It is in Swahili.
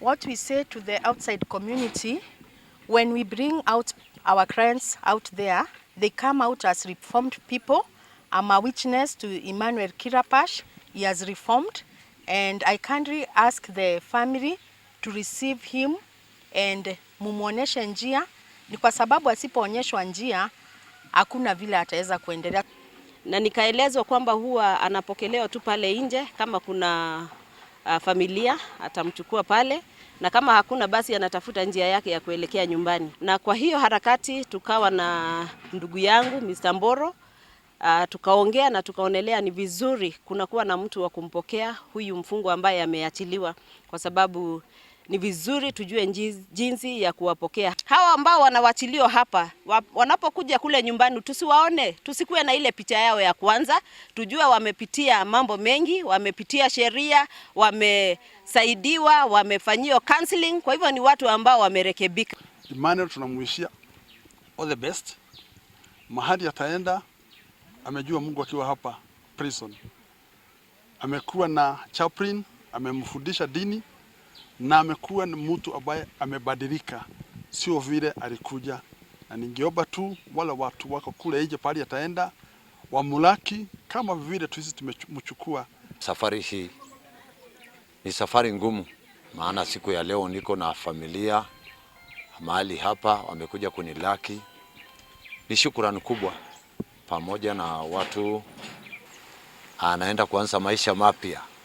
What we say to the outside community when we bring out our clients out there, they come out as reformed people. I'm a witness to Emmanuel Kirapash. He has reformed and I kindly ask the family to receive him and mumwonyeshe njia, ni kwa sababu asipoonyeshwa njia hakuna vile ataweza kuendelea na nikaelezwa kwamba huwa anapokelewa tu pale nje, kama kuna a, familia atamchukua pale, na kama hakuna basi anatafuta njia yake ya kuelekea nyumbani. Na kwa hiyo harakati tukawa na ndugu yangu Mr. Mboro a, tukaongea na tukaonelea ni vizuri kunakuwa na mtu wa kumpokea huyu mfungwa ambaye ameachiliwa kwa sababu ni vizuri tujue jinsi ya kuwapokea hawa ambao wanawachilio hapa. Wanapokuja kule nyumbani, tusiwaone, tusikuwe na ile picha yao ya kwanza. Tujue wamepitia mambo mengi, wamepitia sheria, wamesaidiwa, wamefanyiwa counseling. Kwa hivyo ni watu ambao wamerekebika. Emmanuel, tunamwishia all the best. Mahali ataenda amejua Mungu akiwa hapa prison, amekuwa na chaplain, amemfundisha dini na amekuwa ni mtu ambaye amebadilika, sio vile alikuja, na ningeomba tu wala watu wako kule nje pale ataenda wamulaki kama vile tuisi tumemchukua. Safari hii ni safari ngumu, maana siku ya leo niko na familia mahali hapa, wamekuja kunilaki. Ni shukrani kubwa, pamoja na watu anaenda kuanza maisha mapya.